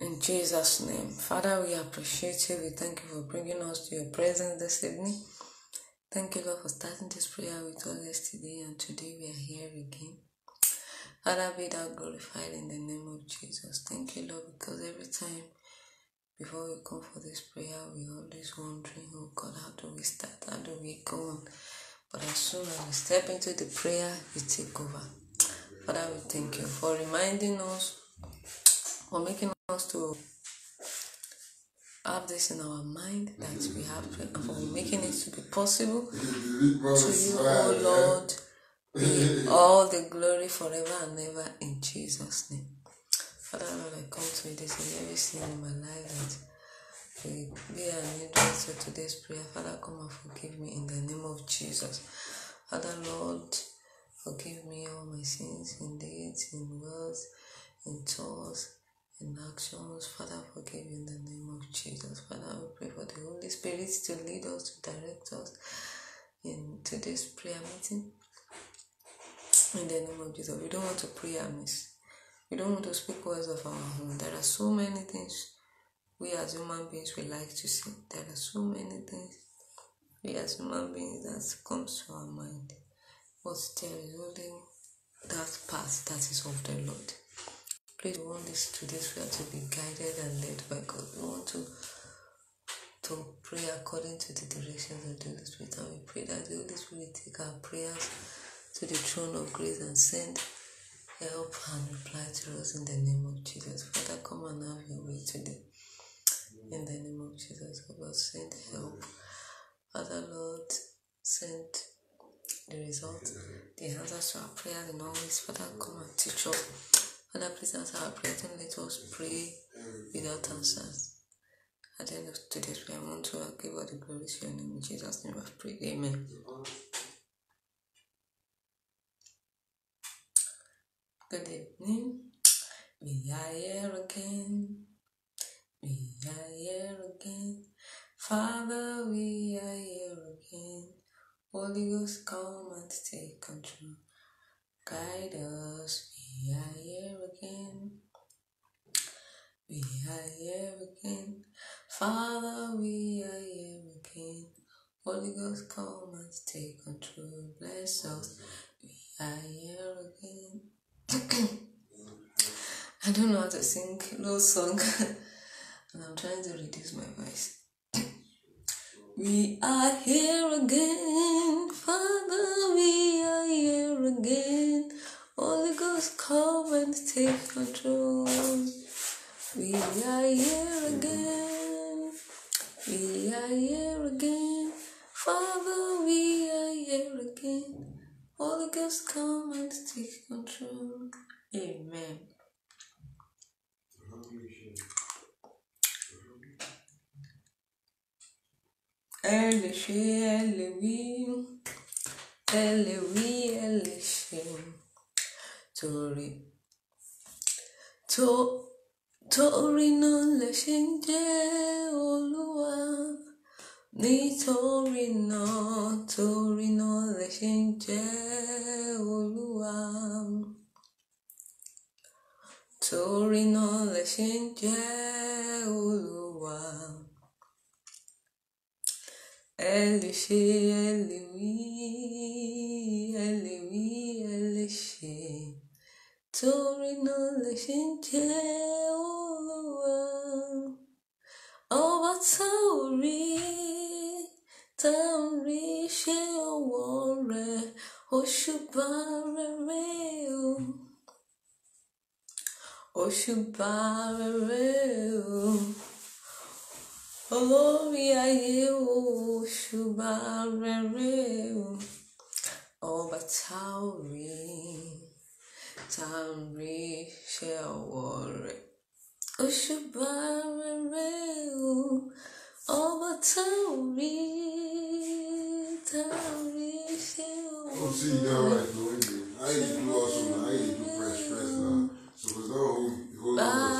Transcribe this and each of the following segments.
In Jesus' name, Father, we appreciate you. We thank you for bringing us to your presence this evening. Thank you, Lord, for starting this prayer with us yesterday, and today we are here again. Father, be thou glorified in the name of Jesus. Thank you, Lord, because every time before we come for this prayer, we always wondering, oh God, how do we start? How do we go on? But as soon as we step into the prayer, you take over. Father, we thank you for reminding us, for making us to have this in our mind that we have to, and for making it to be possible. To you, O oh Lord, be all the glory forever and ever in Jesus' name. Father, Lord, I come to you this in every sin in my life that we be an hindrance to today's prayer. Father, come and forgive me in the name of Jesus. Father, Lord, Forgive me all my sins in deeds, in words, in thoughts, in actions. Father, forgive in the name of Jesus. Father, we pray for the Holy Spirit to lead us, to direct us in today's prayer meeting. In the name of Jesus. We don't want to pray amiss. We don't want to speak words of our own. There are so many things we as human beings we like to say. There are so many things we as human beings that comes to our mind but holding that path that is of the Lord. Please, we want this today's prayer to be guided and led by God. We want to to pray according to the directions of the Holy Spirit, and we pray that the Holy Spirit take our prayers to the throne of grace and send help and reply to us in the name of Jesus. Father, come and have your way today. In the name of Jesus, God, send help. Father, Lord, send the result. The answers to our prayer and always, Father, come and teach us. Father, please answer our prayers and let us pray without answers. At the end of today's prayer, I want to give all the glory to your name. Jesus' name, I pray. Amen. Good evening. We are here again. We are here again. Father, we are here again. Holy Ghost, come and take control. Guide us, we are here again. We are here again. Father, we are here again. Holy Ghost, come and take control. Bless us, we are here again. I don't know how to sing no song, and I'm trying to reduce my voice. We are here again, Father, we are here again. Holy Ghost, come and take control. We are here again, we are here again. Father, we are here again. Holy Ghost, come and take control. Amen. Elle est chez elle, oui. Elle est oui, elle est chez. Torí. To. Torí náà lè ṣe ń ni Tori no torí no lè ṣe ń jẹ́ Olúwa. Torí no lè ṣe ń Olúwa. Ele she, ele wi, ele wi, ele she. Torí náà lè ṣe ń Olúwa. Ọba tá ò she tá ò rí ṣé ọwọ́ rẹ̀, olórí ayé o ṣùgbọ́n rere o ọba tá ò rí tá à ń rí iṣẹ́ ọwọ́ rẹ̀ o ri ta an ri re ọba tá ò rí iṣẹ́ do awesome i do fresh fresh now so it's not who you on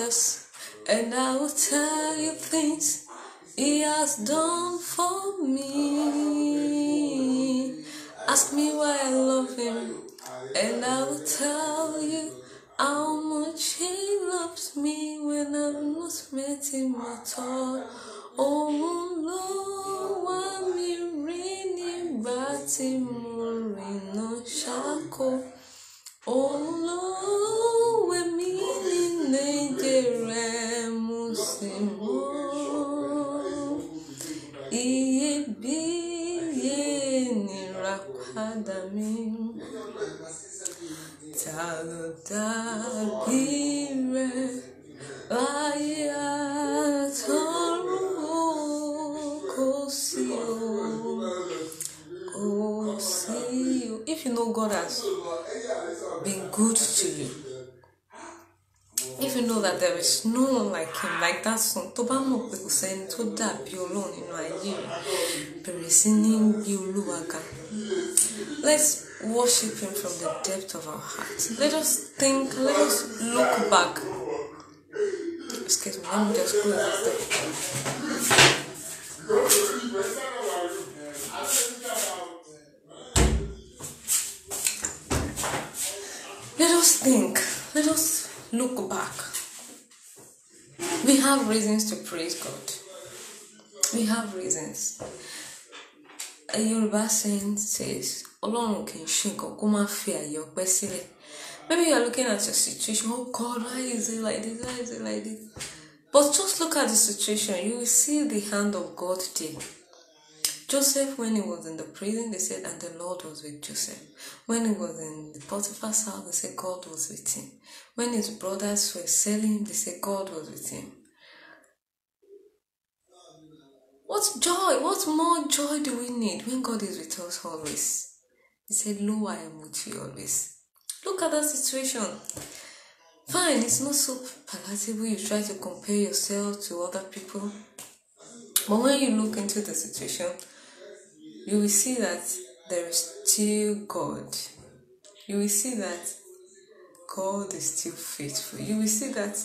Jesus, and I will tell you things He has done for me. Ask me why I love Him, and I will tell you how much He loves me when I'm not met Him at all. Oh Lord, I'm in no Shako. Oh ló dàbí rẹ ayé àtọ̀run o kò sí o kò sí o if you know God has been good to you if you know that there is no one like him like that song tó bá mọ̀ pé kò sẹ́ni tó dàbí ọlọ́run nínú ayé rẹ̀ bẹ̀rẹ̀ sí ní gbé olúwa ga let's worship Him from the depth of our hearts. Let us think, let us look back. Excuse me, let me just close this Let us think, let us look back. We have reasons to praise God. We have reasons. Yoruba saying says, Ọlọ́run kì can ṣe nǹkan kó come fi fear your sílẹ̀. Maybe you are looking at your situation, oh God, why is it like this? Why is it like this? But just look at the situation, you will see the hand of God there. Joseph, when he was in the prison, they said, and the Lord was with Joseph. When he was in the Potiphar's house, they said, God was with him. When his brothers were selling, they said, God was with him. What joy, what more joy do we need when God is with us always? He said, Lo, I am with you always. Look at that situation. Fine, it's not so palatable. You try to compare yourself to other people. But when you look into the situation, you will see that there is still God. You will see that God is still faithful. You will see that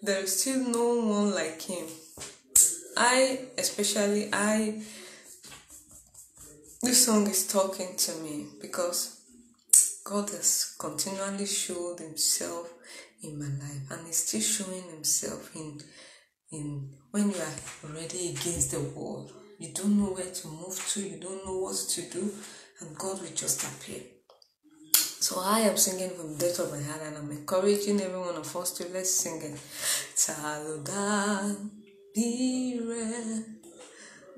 there is still no one like Him. I, especially, I, this song is talking to me because God has continually showed Himself in my life and He's still showing Himself in, in when you are already against the wall. You don't know where to move to, you don't know what to do, and God will just appear. So I am singing from the depth of my heart and I'm encouraging every one of us to let's sing it. Taludan. Bire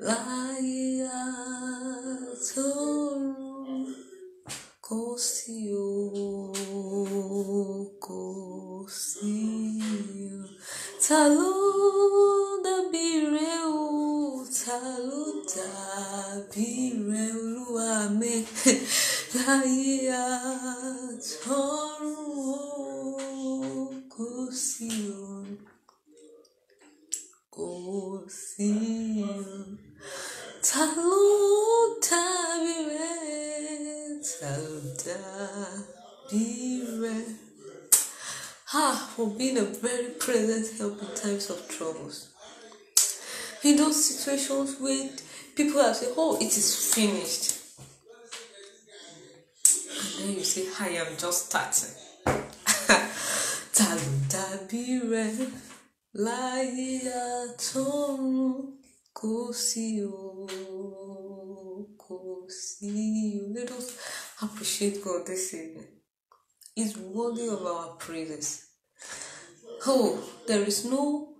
laia toro kosio kosio talo da bire o talo da bire olua laia toro kosio. Bire, Taluta Bire, ha for being a very present help in times of troubles. In those situations where people are saying, Oh, it is finished. And then you say, I'm just starting. Bire. Laia ton kosio kosio. little us appreciate God this evening. It's worthy of our praises. Oh, there is no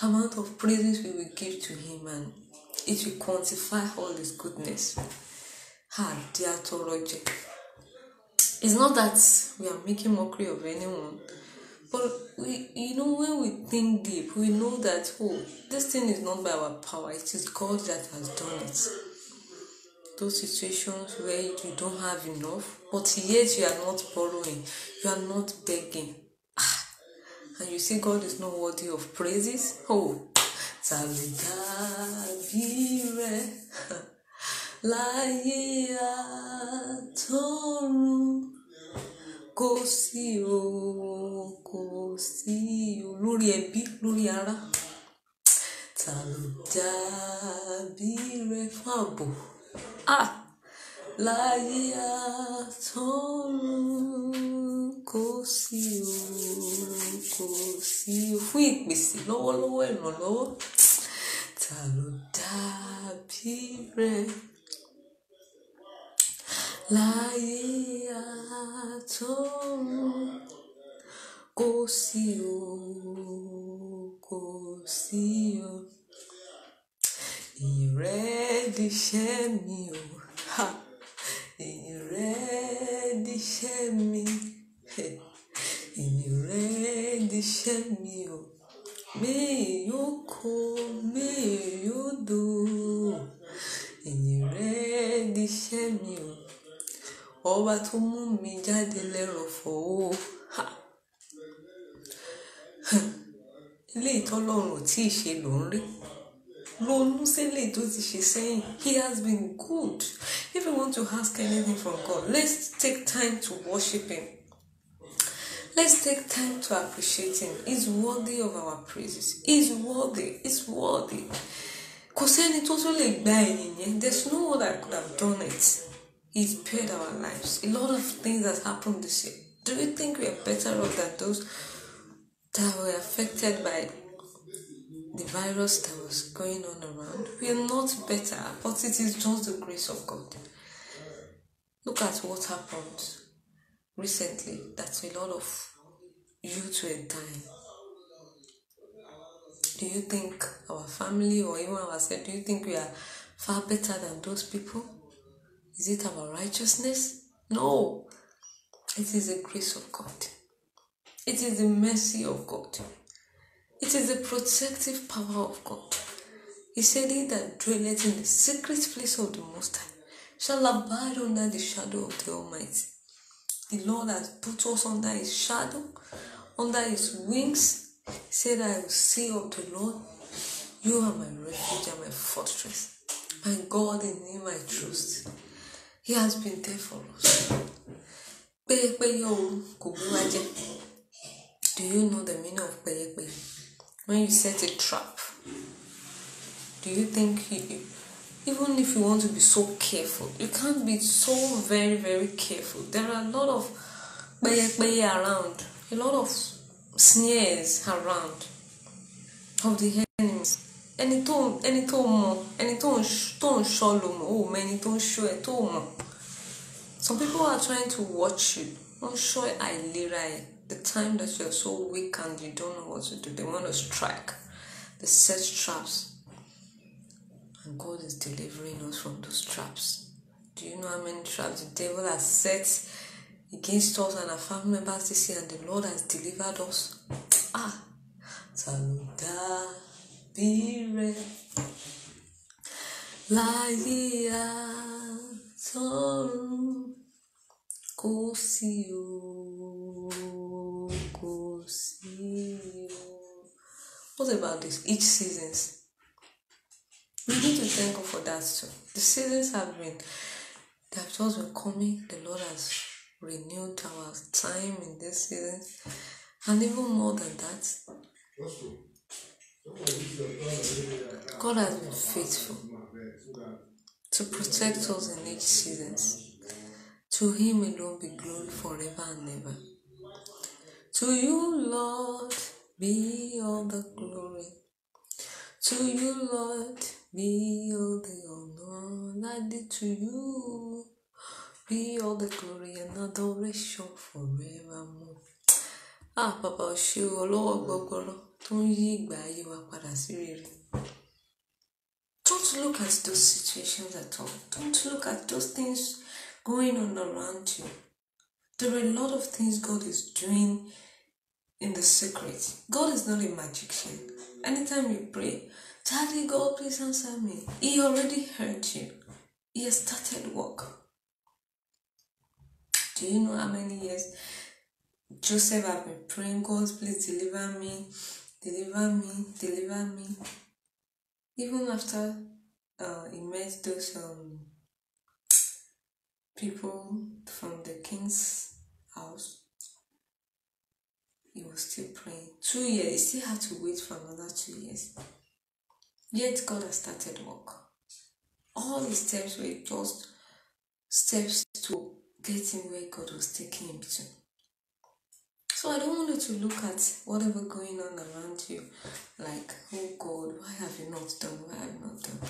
amount of praises we will give to Him, and it will quantify all His goodness. Ah, dear It's not that we are making mockery of anyone but we, you know, when we think deep, we know that oh, this thing is not by our power. It is God that has done it. Those situations where you don't have enough, but yet you are not borrowing, you are not begging, ah, and you say God is not worthy of praises. Oh, láyé àtọ̀run kò sí o kò sí o lórí ẹbí lórí ará ta ló dàbí rẹ fún ààbò ah láyé àtọ́run kò sí o kò sí o fún ìpèsè lọ́wọ́lọ́wọ́ ìrànlọ́wọ́ ta ló dàbí rẹ láyé àtọ̀run kò sí o kò sí o ìrẹ́díṣẹ́ mi o ha ìrẹ́díṣẹ́ mi ìrẹ́díṣẹ́ mi o meyoko meyodo ìrẹ́díṣẹ́ mi o ọba tó mú mi jáde lẹ́rọ̀fọ̀ o ilé ìtọ́lọ́run tí ì ṣe ló ń rí ronú sílé tó ti ṣe sẹ́yìn he has been good if you want to ask anything from God let's take time to worship him let's take time to appreciate him he's worthy of our praises he's worthy he's worthy kò sẹ́ni tó tún lè gba ẹ̀yìn yẹn there's no other that could have done it. He's paid our lives. A lot of things that happened this year. Do you think we are better off than those that were affected by the virus that was going on around? We are not better, but it is just the grace of God. Look at what happened recently that a lot of youth were dying. Do you think our family or even ourselves, do you think we are far better than those people? Is it our righteousness? No. It is the grace of God. It is the mercy of God. It is the protective power of God. He said, He that dwelleth in the secret place of the Most High shall abide under the shadow of the Almighty. The Lord has put us under His shadow, under His wings. He said, I will see of the Lord. You are my refuge and my fortress. My God, in Him I trust. He has been there for us. jẹ. Do you know the meaning of pẹ́yẹpẹ́yẹ? When you set a trap, do you think you, even if you want to be so careful, you can't be so very very careful. There are a lot of pẹ́yẹpẹ́yẹ around, a lot of snares around of the enemies ẹni tó ẹni tó mọ ẹni tó ń tó ń sọ ló mọ ò mọ ẹni tó ń sọ ẹ tó mọ some people are trying to watch you wọ́n sọ àìlera ẹ the time that you are so weak and you don't know what to do they want to strike they set traps and God is delivering us from those traps do you know how many traps the devil has set against us and our family members this year and the Lord has delivered us ah saluda. Spirit. Láyé àtọ́run kò sí What about this? Each seasons. We need to thank God for that too. The seasons have been, the actors were coming, the Lord has renewed our time in this season. And even more than that, God has been faithful to protect us in each season. To Him alone be glory forever and ever. To you, Lord, be all the glory. To you, Lord, be all the honor. Added to you be all the glory and adoration forevermore. Ah, Papa, she will go tó ń yí ìgbà ayé wa padà sí rere. Don't look at those situations at all. Don't look at those things going on around you. There are a lot of things God is doing in the secret. God is not a magician. Anytime you pray, Daddy, God, please answer me. He already heard you. He has started work. Do you know how many years Joseph has been praying, God, please deliver me? deliver me, deliver me. Even after uh, he met those um, people from the king's house, he was still praying. Two years, he still had to wait for another two years. Yet God has started work. All his steps were just steps to get him where God was taking him to. So I don't want you to look at whatever going on around you like, oh God, why have you not done? Why have you not done?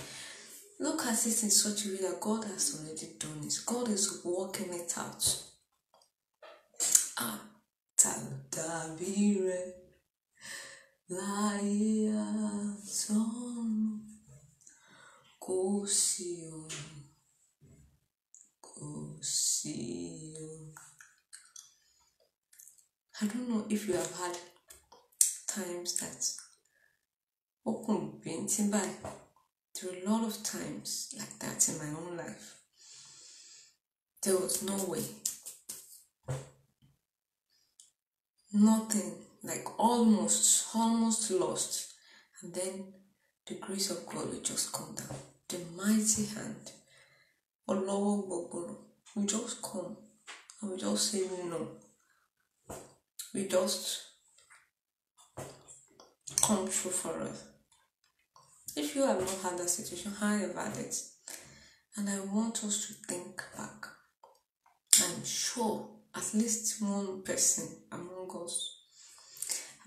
Look at it in such a way that God has already done it. God is working it out. Ah, laia, son, kosio, kosio. I don't know if you have had times that open painting by there were a lot of times like that in my own life. There was no way. Nothing, like almost, almost lost. And then the grace of God will just come down. The mighty hand, Olowo Bogoro, will just come and will just say, you we just come true for us. If you have not had that situation, about it and I want us to think back. I'm sure at least one person among us,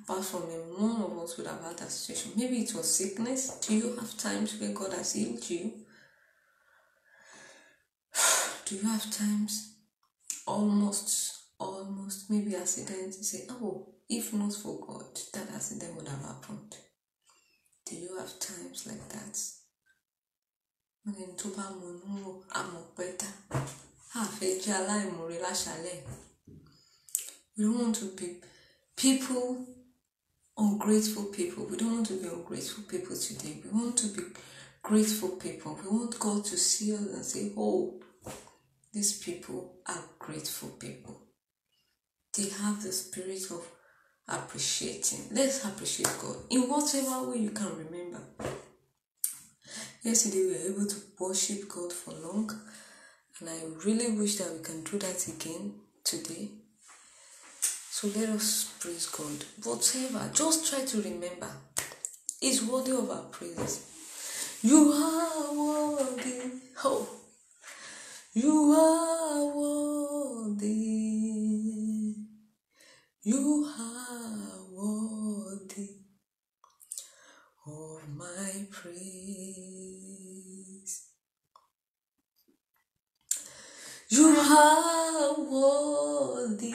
apart from me, one of us would have had that situation. Maybe it was sickness. Do you have times where God has healed you? Do you have times almost almost maybe accident, you say, oh, if not for God, that accident would have happened. Do you have times like that? tó oh, We don't want to be people, ungrateful people. We don't want to be ungrateful people today. We want to be grateful people. We want God to see us and say, oh, these people are grateful people they have the spirit of appreciating. Let's appreciate God in whatever way you can remember. Yesterday we were able to worship God for long, and I really wish that we can do that again today. So let us praise God. Whatever, just try to remember. It's worthy of our praises. You are worthy. Oh, you are worthy. You are worthy of my praise. You are worthy.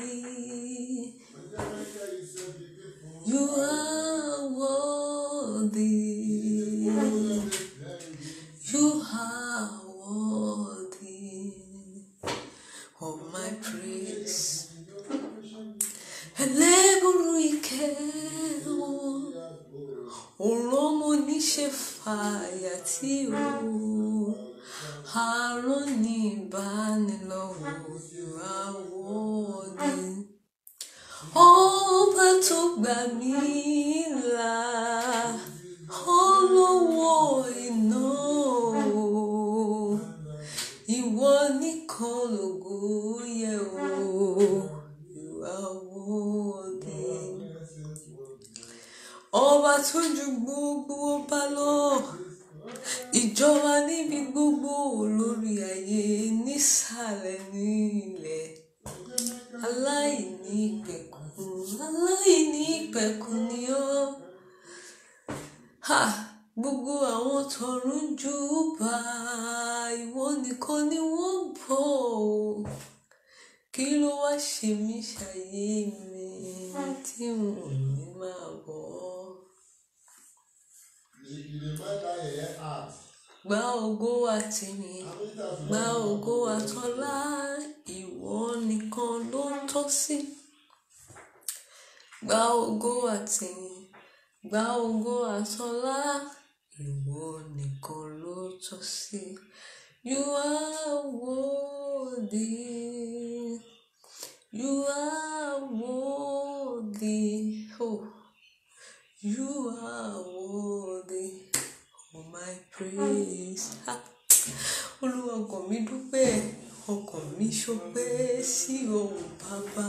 You are worthy. you ìkẹ́ wọn tó gbà ọba tó ju gbogbo ọba lọ ìjọba níbi gbogbo olórí ayé nísàlẹ̀ nílẹ̀ aláìní ìpẹ̀kun aláìní ìpẹ̀kun ni ọ́ gbogbo àwọn tọ̀run jù bá ìwọ nìkan ni wọ́n bọ̀ ọ́ kí ló wá ṣe mí ṣàyé mi tí n ní máa bọ̀ ọ́. Gba ògo àtìyìn, gba ògo àtọ́lá, ìwọ nìkan ló ń tọ́ sí. Gba ògo àtìyìn, gba ògo àtọ́lá, ìwọ nìkan ló ń tọ́ sí. You are worthy, you are worthy. Oh. You are worthy of my praise. Olúwa ọkàn mi dúpẹ́, ọkàn mi ṣọpẹ́ sí ohùn bàbá.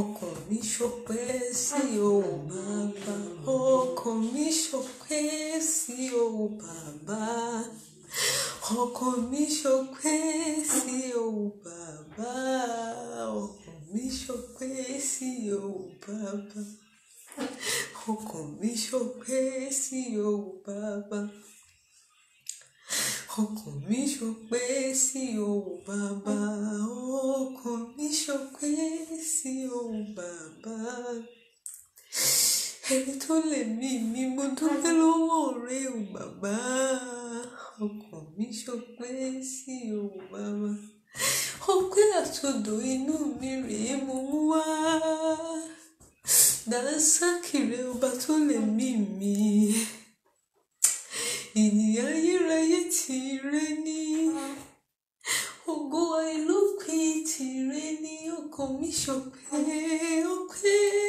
Ọkàn mi ṣọpẹ́ sí ohùn bàbá. Ọkàn mi ṣọpẹ́ sí ohùn bàbá. Ọkàn mi ṣọpẹ́ sí ohùn bàbá. Ọkàn mi ṣọpẹ́ sí ohùn bàbá. ọkàn mi ṣọpẹ́ sí ọ bàbá ọkàn mi ṣọpẹ́ sí ọ bàbá ọkàn mi ṣọpẹ́ sí ọ bàbá ẹni tó lè mí mi mo dúpẹ́ lọ́wọ́ rẹ o bàbá ọkàn mi ṣọpẹ́ sí ọ bàbá ọpẹ́ àtọ̀dọ̀ inú mi rèé mo mú wá dansa kiri ọba tó lè mí mi ìyìn ayérayé tìrẹ ni ògo àìlópin tìrẹ ni ọkàn mi ṣọpẹ́ ọpẹ́.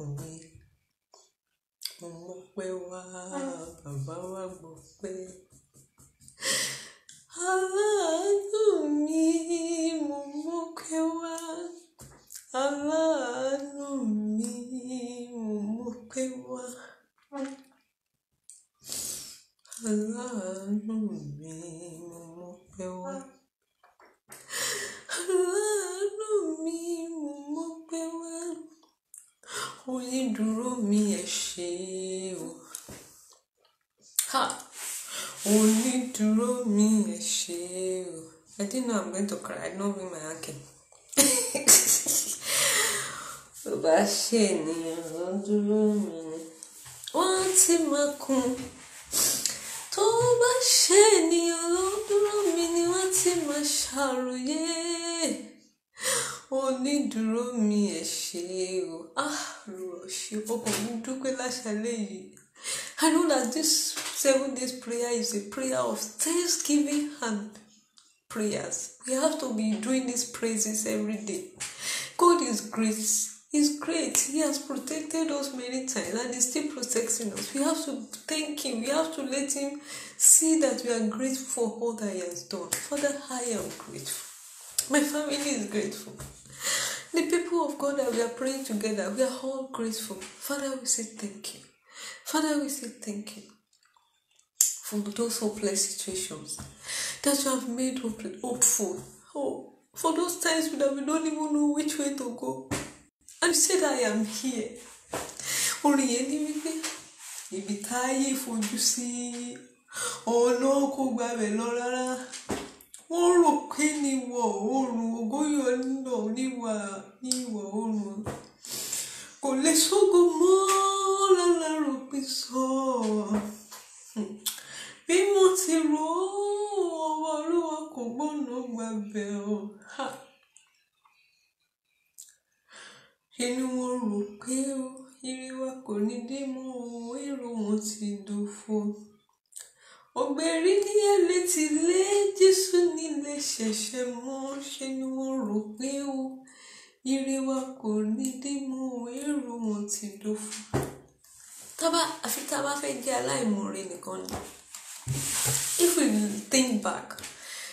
ọkùnrin mo mọ̀ pé wá bàbá wa gbọ́ pé. going to cry. No be my auntie. Tó bá ṣe ènìyàn ló dúró mi ni. Wọ́n ti máa kun. Tó bá ṣe ènìyàn ló dúró mi ni wọ́n ti máa ṣàròyé. Onídùúró mi ẹ̀ ṣe o. Ah, rọ̀ ṣe ọkàn mi dúpẹ́ láṣálẹ́ yìí. I know that this seven days prayer is a prayer of thanksgiving and prayers. We have to be doing these praises every day. God is great. He's great. He has protected us many times and He's still protecting us. We have to thank Him. We have to let Him see that we are grateful for all that He has done. Father, I am grateful. My family is grateful. The people of God that we are praying together, we are all grateful. Father, we say thank you. Father, we say thank you. from those hopeless situations that you have made hope, hopeful. Oh, for those times that we don't even know which way to go. And you said, I am here. Orin yẹn ní wípé ibi táyé fojú sí ọ̀nà kò gbàbẹ̀ lọ rárá. Wọ́n rò pé ní ìwọ̀ oòrùn ògóyọ̀ nínú níwà ní ìwọ̀ oòrùn. Kò go more, la la, rò pé sọ bí mo ti rò ó ọwọ́ olúwa kò gbóná gbàgbẹ́ o inú wọn rò pé ó irí wa kò ní dé mọ́ ohun èrò wọn ti dòfo ògbèrí ní ẹlẹ́ ti lé jésù nílé ṣẹ̀ṣẹ̀ mọ́ ṣe ni wọ́n rò pé ó irí wa kò ní dé mọ́ ohun èrò wọn ti dòfo. tábà àfi tábà fẹ́ jẹ́ aláìmoore nìkan ni. If we think back,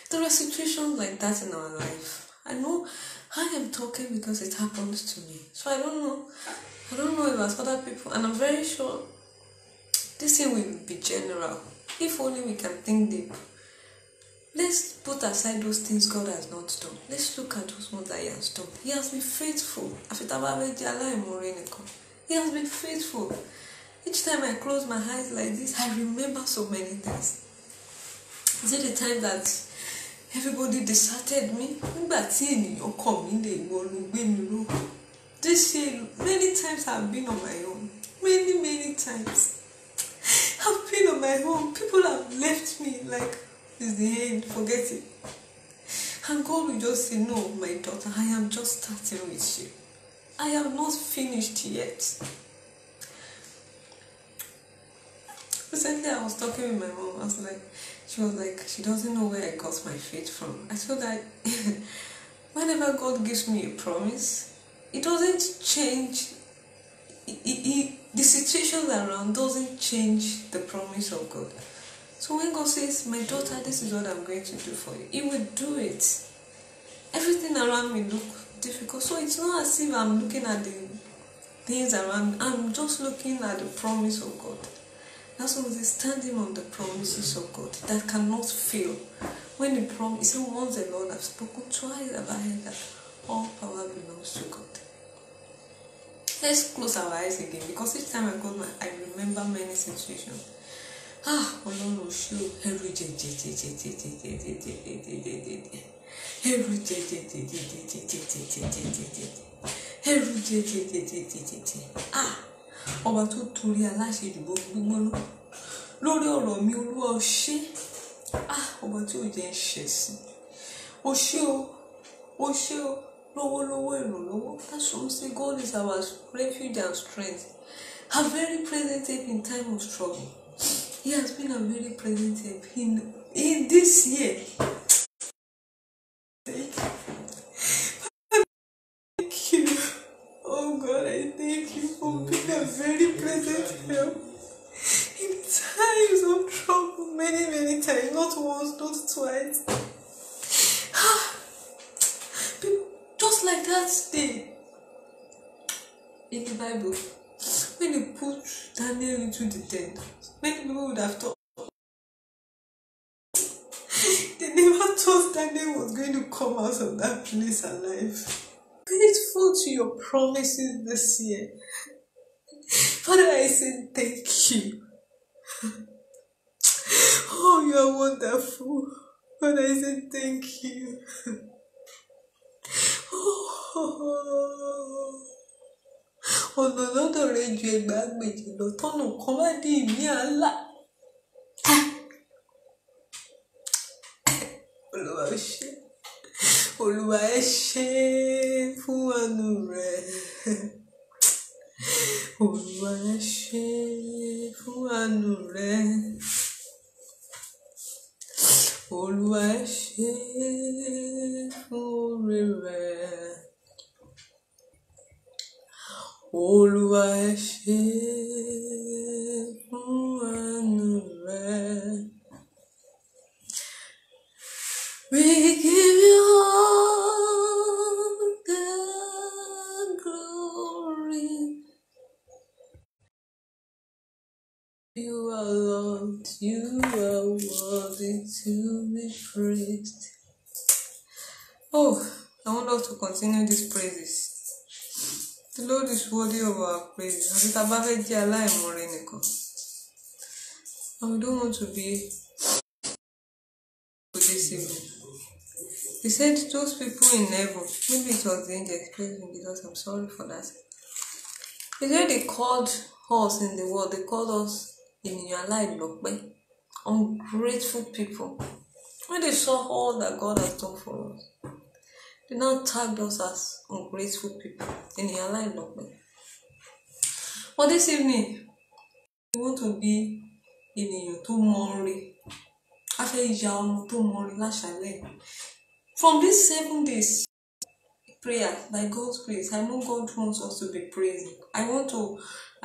there are situations like that in our life. I know I am talking because it happened to me. So I don't know. I don't know about other people, and I'm very sure this thing will be general. If only we can think deep. Let's put aside those things God has not done. Let's look at those ones that He has done. He has been faithful. He has been faithful. Each time I close my eyes like this, I remember so many things. Is it the time that everybody deserted me? This year, many times I've been on my own. Many, many times. I've been on my own. People have left me like it's the end, forget it. And God will just say, No, my daughter, I am just starting with you. I am not finished yet. She said, yeah, I was talking with my mom. I was like, she was like, she doesn't know where I got my faith from. I feel that whenever God gives me a promise, it doesn't change. It, it, it, the situation around doesn't change the promise of God. So when God says, my daughter, this is what I'm going to do for you, He will do it. Everything around me look difficult. So it's not as if I'm looking at the things around. Me. I'm just looking at the promise of God. That's why we say standing on the promises of God that cannot fail. When the promise, he said, once the Lord have spoken, twice have I heard that all power belongs to God. Let's close our eyes again because each time I close my I remember many situations. Ah, Ọlọ́run ṣó ẹrù jẹjẹjẹjẹjẹjẹjẹjẹjẹjẹjẹjẹjẹjẹ ẹrù jẹjẹjẹjẹjẹjẹjẹjẹjẹjẹjẹjẹjẹ ẹrù jẹjẹjẹjẹjẹjẹjẹjẹ ah. ọba tó torí aláṣejù gbígbóná lórí ọ̀rọ̀ mi olúwa o ṣé ah, ọba tí ò jẹ́ ṣẹ̀sìn o ṣé o o ṣé o lọ́wọ́lọ́wọ́ ìrànlọ́wọ́ that's why we say God is our refuge and strength a very present help in time of struggle he has been a very present help in, in this year many, many times, not once, not twice. just like that day in the Bible, when they put Daniel into the tent, many people would have thought they never thought Daniel was going to come out of that place alive. Faithful to your promises this year. Father, I say thank you. Oh, you're wonderful. But I said thank you. Oh, ọ̀nà lọ́dọ̀ rẹ ju ẹgbàá gbèjì lọ tọ́nà kan má dé ìmí àlá. olùwà ẹ ṣé olùwà ẹ ṣé fún àánú rẹ olùwà ẹ ṣé fún àánú rẹ. Olúwa ṣe é fún oore rẹ̀. Olúwa ṣe We give you all the You are loved. you are worthy to be praised. Oh, I want us to continue these praises. The Lord is worthy of our praise. And we don't want to be disable. He said those people in heaven, maybe it was the angel, excuse me because I'm sorry for that. He said they called us in the world, they called us ènìyàn aláìlọ́pẹ́ ungrateful people when they saw all that God has done for us they now tag us as ungrateful people ènìyàn aláìlọ́pẹ́ For this evening we want to be ènìyàn tó mọ oore a fẹ́ ya ọmọ tó mọ oore from these seven days prayer by God's grace. I know God wants us to be praising. I want to,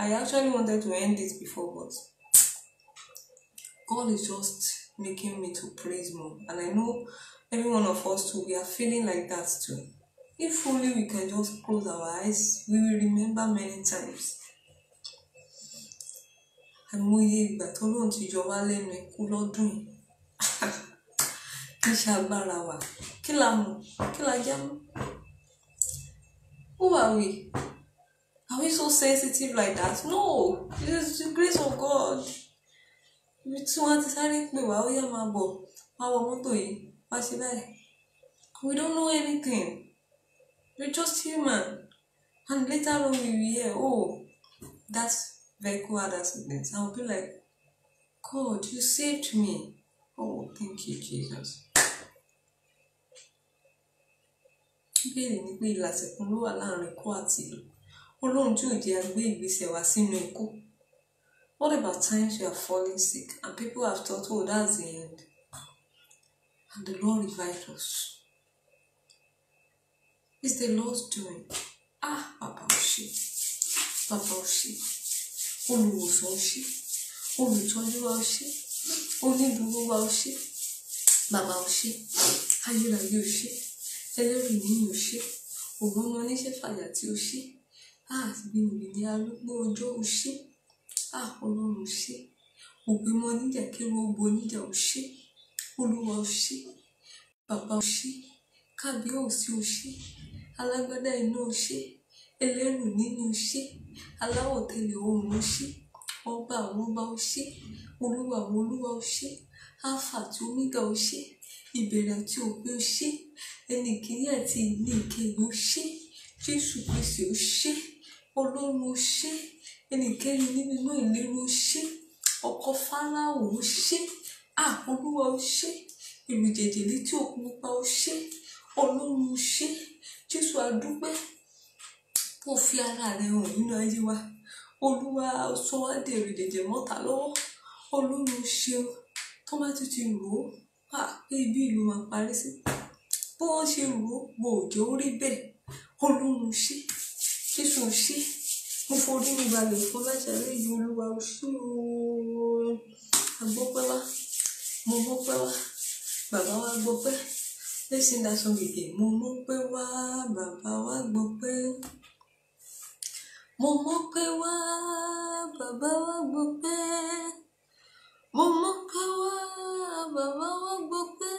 I actually wanted to end this before, but God is just making me to praise more. And I know every one of us too, we are feeling like that too. If only we can just close our eyes, we will remember many times. àìmọye ìgbà tọ́lọ́run ti yọ wá lẹ́nu ikú lọ́dún yìí kí ṣàgbára wa kí la mọ̀ kí la jẹ́ mọ́ who are we are we so sensitive like that no this is the grace of God ibi tí wọ́n ti sáré pè wá ó yá máa bọ̀ wá wọ mọ́tò yìí wá sí báyìí we don't know anything we just human and later on we hear oh that vehicle had accident i will be like god you saved me oh thank you jesus. béèrè ní pé ìlàsẹ̀kùn ló wà láàrin ikú àti ìlú ọlọ́run tí ò jẹ́ àgbé ìgbésẹ̀ wá sínú ikú. What about times you are falling sick and people have thought, oh, that's the end? And the Lord revived us. Is the Lord doing. Ah, Papa Oshi. Papa Oshi. Olùwòsàn Oshi. Olùtọ́jú wa Oshi. Onídùúró wa Oshi. Bàbá Oshi. Ayérayé Oshi. Ẹlẹ́rìí nínú mo ni se fàyà tí Oshi. Ah, gbìngbìn ní arúgbó ọjọ́ Oshi. Ah Ọlọ́run ṣé, ògbímọ níjà kíru ogbó níjà ò ṣé, Olúwa ò ṣé, Bàbá ò ṣé, Kábíọ̀sí ò ṣé, Alágbádá iná ò ṣé, Ẹlẹ́rù nínú ò ṣé, Aláwọ̀ tẹ̀lẹ̀ oòrùn ò ṣé, Ọba àwọn ọba ò ṣé, Olúwa àwọn olúwa ò ṣé, Alpha àti Omega ò ṣé, Ìbẹ̀rẹ̀ àti òpin ò ṣé, ẹni kìíní àti ẹni ìkẹyìn ò ṣé, Jésù Kristi ò ṣé, Ọlọ́run ò ṣé ẹnìkẹ́ni nínú ìlérí ó ṣe ọkọ fáráhùn ó ṣe àkọlùwà ó ṣe ìrùjẹ̀jẹ̀lé tí òkun pa ó ṣe ọlọ́run ó ṣe jésù àdúpẹ́ kó fi ara rẹ̀ hàn nínú ayé wa olúwa sọ wá dèrè jẹ̀jẹ̀ mọ́ta lọ́wọ́ ọlọ́run ṣe tó bá tún ti rò ó pé ibi ìlú máa parí sí bó ṣe rò ó gbòòjò ó bẹ́ẹ̀ ọlọ́run ó jésù ó Confundir mi balẹ̀ fún láti ẹ̀rí ìyá olúwa sí ooo. Agbọ́pẹ́ wá, mo gbọ́pẹ́ wá, bàbá wa gbọ́pẹ́. Let's sing that song again. Mo mọ́pẹ́ wá, bàbá wa gbọ́pẹ́. Mo mọ́pẹ́ wá, bàbá wa gbọ́pẹ́. Mo mọ́pẹ́ wá, bàbá wa baba wa gbope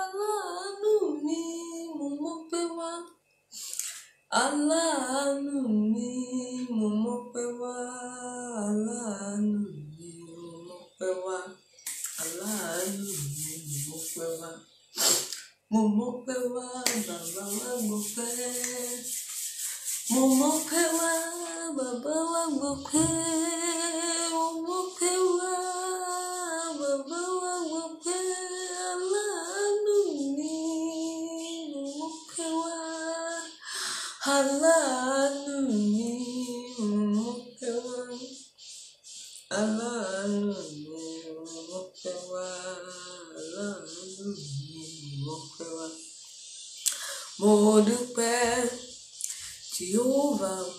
Aláàánú mi, mo wá. Aláàánú mi mo mọ́pẹ́ wá aláàánú mi wá aláàánú mi wa gbọ́pẹ́. Mo wa baba wa gbope mo wa baba wa gbope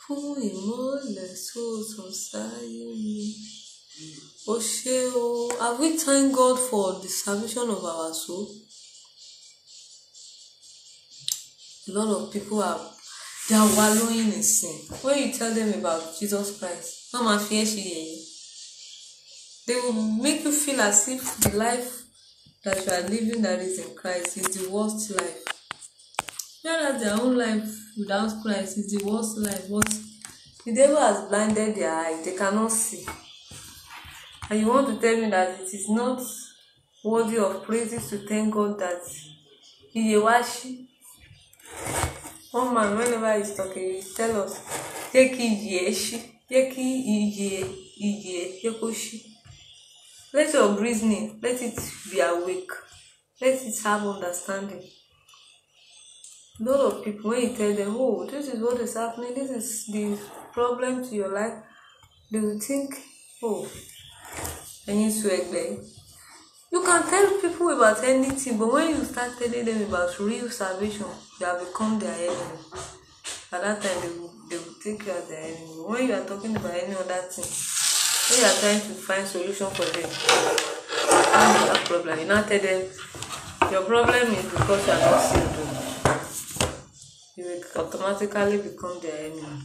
fún ìmọ́lẹ̀ tó tàn sáyé mi. O ṣé o, have we thank God for the salvation of our soul? A lot of people are they are wallowing in sin. When you tell them about Jesus Christ, wọ́n máa fi ẹ́ ṣe yẹ̀yẹ́. They will make you feel as if the life that you are living that is in Christ is the worst life. Realize their own life without Christ is the worst life, but the devil has blinded their eyes. They cannot see. And you want to tell me that it is not worthy of praises to thank God that Iyewashi, one man, whenever he's talking, he tell us, jẹ́ kí iyì ẹ ṣí, jẹ́ kí iyì Let your reasoning, let it be awake, let it have understanding a lot of people when you tell them oh this is what is happening this is the problem to your life they will think oh I ẹyin sùn ẹgbẹ you can tell people about anything but when you start telling them about real salvation you have become their enemy at that time they will they will take you as their enemy when you are talking about any other thing when you are trying to find solution for them you find that problem you now tell them your problem is because you are not saved. you will automatically become their enemy.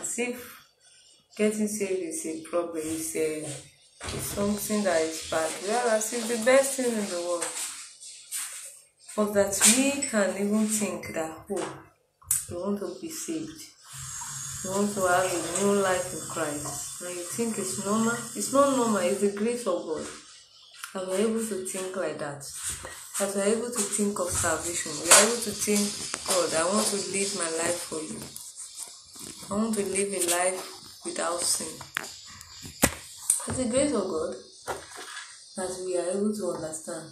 As if getting saved is a problem, it's, a, it's something that is bad. Whereas it's the best thing in the world. But that we can even think that, oh, we want to be saved. We want to have a new life in Christ. And you think it's normal? It's not normal, it's the grace of God. And we're able to think like that that we are able to think of salvation. We are able to think, God, I want to live my life for you. I want to live a life without sin. It's the grace of God that we are able to understand.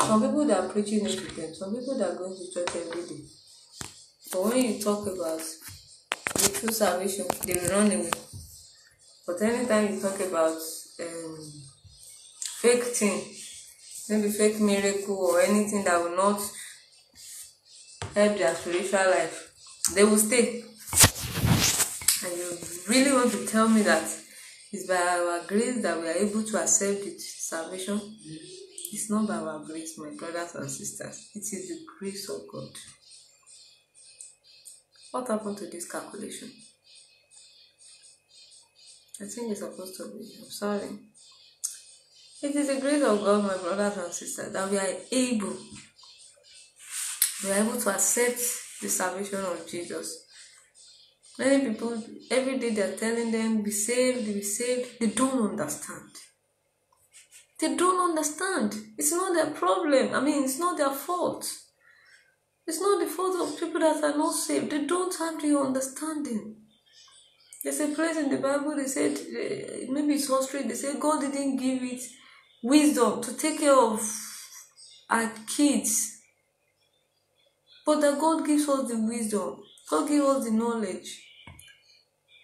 Some people that are preaching it to them, some people that are going to church every day. But when you talk about the true salvation, they will run away. But anytime you talk about um, fake things maybe fake miracle or anything that will not help their spiritual life, they will stay. And you really want to tell me that it's by our grace that we are able to accept the salvation? It's not by our grace, my brothers and sisters. It is the grace of God. What happened to this calculation? I think it's supposed to be. I'm sorry. It is the grace of God, my brothers and sisters, that we are able, we are able to accept the salvation of Jesus. Many people every day they're telling them, be saved, be saved. They don't understand. They don't understand. It's not their problem. I mean, it's not their fault. It's not the fault of people that are not saved. They don't have the understanding. There's a place in the Bible, they said, eh, maybe it's history, they said God didn't give it wisdom to take care of our kids. But that God gives us the wisdom, God gives us the knowledge.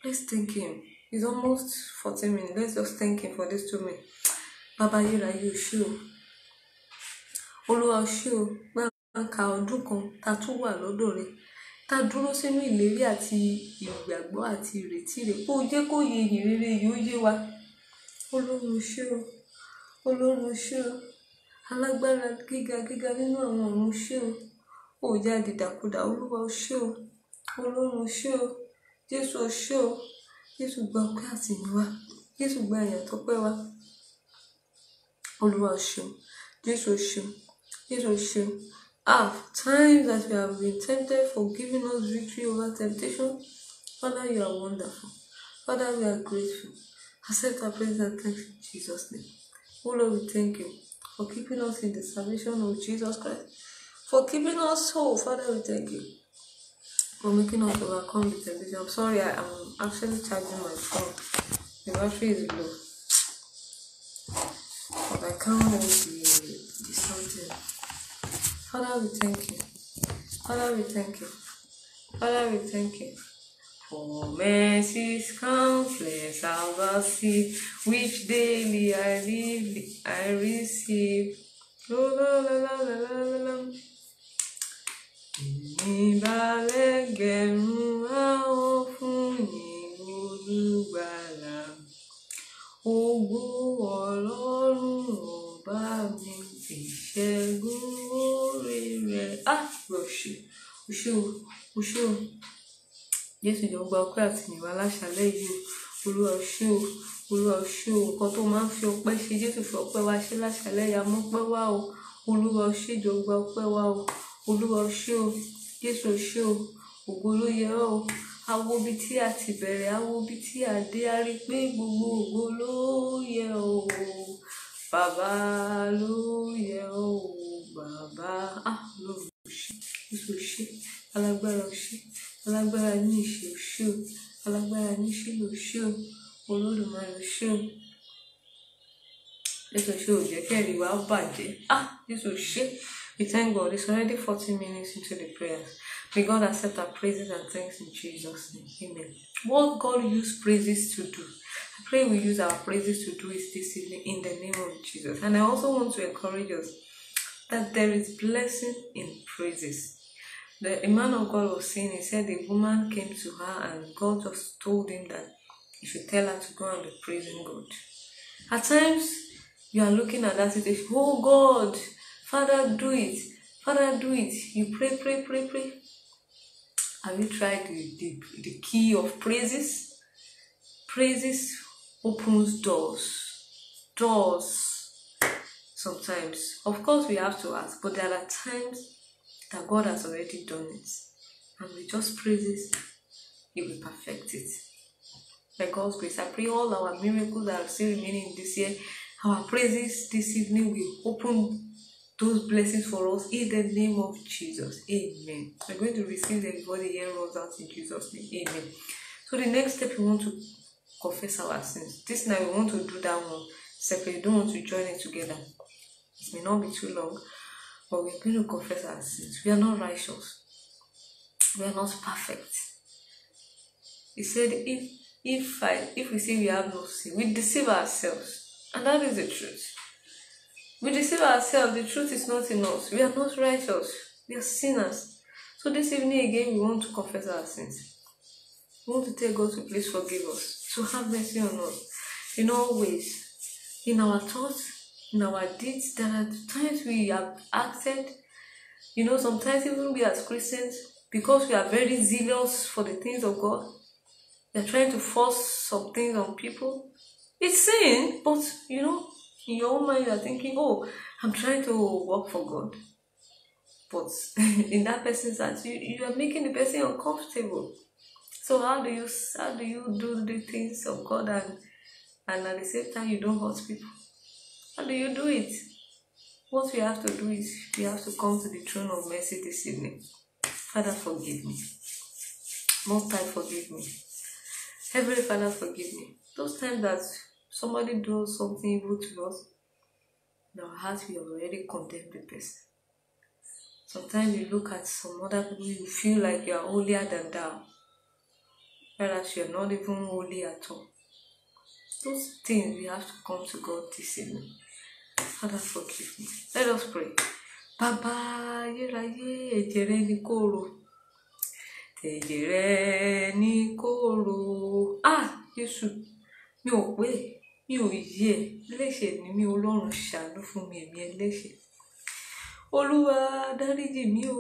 Let's thank Him. It's almost 14 minutes. Let's just thank Him for this two minutes. Baba ayérayé you sure? o. Olúwa o ṣé o. Gbàǹkà ọdún kan ta tún wà lọ́dọ̀ rẹ̀. Ta dúró sínú ìlérí àti ìgbàgbọ́ àti ìrètí rẹ̀. Kó o jẹ́ kó yẹ ìyìn rere yìí ó yé wa. Olúwa o ṣé Ọlọ́run ṣé o, alágbára gíga gíga nínú àwọn ọ̀run ṣé o, o ò jẹ́ a dìdàkudà, Olúwa o ṣé o, Ọlọ́run o ṣé o, Jésù o ṣé o, Jésù gba ọpẹ́ àti ìyìn wa, Jésù gba ìyìn àtọpẹ́ wa. Olúwa o ṣé o, Jésù o ṣé o, Jésù o ṣé o. Ah, times that we have been tempted for giving us victory over temptation, Father, you are wonderful. Father, we are grateful. Accept our praise and thanks in Jesus' name. Oh Lord, we thank you for keeping us in the salvation of Jesus Christ, for keeping us whole. Father, we thank you for making us overcome the temptation. I'm sorry, I am actually charging my phone. The battery is low, but I can't hold the, the something. Father, we thank you. Father, we thank you. Father, we thank you. mercies countless have I seen, which daily I live, I receive. La la la la la la la. Ìbálẹ̀gẹ̀rún á ó fún yín olúgbàlà. Ògo Ọlọ́run ọba mi ìṣẹ́gun oore rẹ̀. Á ah, lọ o ṣe o, o Jésù jọ gba ọpẹ́ àtìyìnwá láṣálẹ́ yìí o Olúwa o ṣé o Olúwa o ṣé o nǹkan tó máa ń fi ọpẹ́ ṣe Jésù fi ọpẹ́ wa ṣe láṣálẹ́ yìí amọ́pẹ́ wá o Olúwa o ṣé jọ gba ọpẹ́ wa o Olúwa o ṣé o Jésù o ògo ló yẹ ọ́ awo bí tí a ti bẹ̀rẹ̀ awo bí tí a dé a rí pé gbogbo ògo ló yẹ o bàbá ló yẹ o bàbá ah lórí òṣì Jésù o ṣé alágbára o alágbára ní ìṣèṣù alágbára ní ṣílòṣù olódùmarè ṣù jésù ṣe ò jẹ́ kí ẹ̀rí wa bàjẹ́ ah jésù ṣe we thank God it's already forty minutes into the prayers may God accept our praises and thanks in Jesus name amen what God use praises to do I pray we use our praises to do is this evening in the name of Jesus and I also want to encourage us that there is blessing in praises the, man of God was saying, he said the woman came to her and God just told him that he should tell her to go and be praising God. At times, you are looking at that situation, oh God, Father, do it. Father, do it. You pray, pray, pray, pray. Have you tried the, the, the key of praises? Praises opens doors. Doors. Sometimes. Of course, we have to ask, but there are times that God has already done it. And we just praise it, He will perfect it. By God's grace, I pray all our miracles that are still remaining this year, our praises this evening will open those blessings for us in the name of Jesus. Amen. We're going to receive them before the year runs out in Jesus' name. Amen. So the next step we want to confess our sins. This night we want to do that one separately. Don't want to join it together. It may not be too long but we're going to confess our sins. We are not righteous. We are not perfect. He said, if if I if we say we have no sin, we deceive ourselves. And that is the truth. We deceive ourselves, the truth is not in us. We are not righteous, we are sinners. So this evening again we want to confess our sins. We want to tell God to please forgive us, to have mercy on us in all ways, in our thoughts, in our deeds. There are times we have acted, you know, sometimes even we as Christians, because we are very zealous for the things of God, we are trying to force some things on people. It's sin, but you know, in your own mind you are thinking, oh, I'm trying to work for God. But in that person's heart, you, you are making the person uncomfortable. So how do you how do you do the things of God and and at the same time you don't hurt people? How do you do it? What we have to do is we have to come to the throne of mercy this evening. Father, forgive me. Most time, forgive me. Heavenly Father, forgive me. Those times that somebody does something evil to us, in our hearts we already condemned the person. Sometimes you look at some other people, you feel like you are holier than thou, whereas you are not even holy at all. Those things we have to come to God this evening. Allah forgive me. Let us pray. Bàbá ayérayé ẹ̀jẹ̀ rẹ ní kóró. Ẹ̀jẹ̀ rẹ ní kóró. Ah Jésù mi ò pé mi ò yí ẹ̀ léṣe ni mi Ọlọ́run ṣàánú fún mi ẹ̀mí ẹlẹ́ṣẹ̀. Olúwa dáríjì mi o.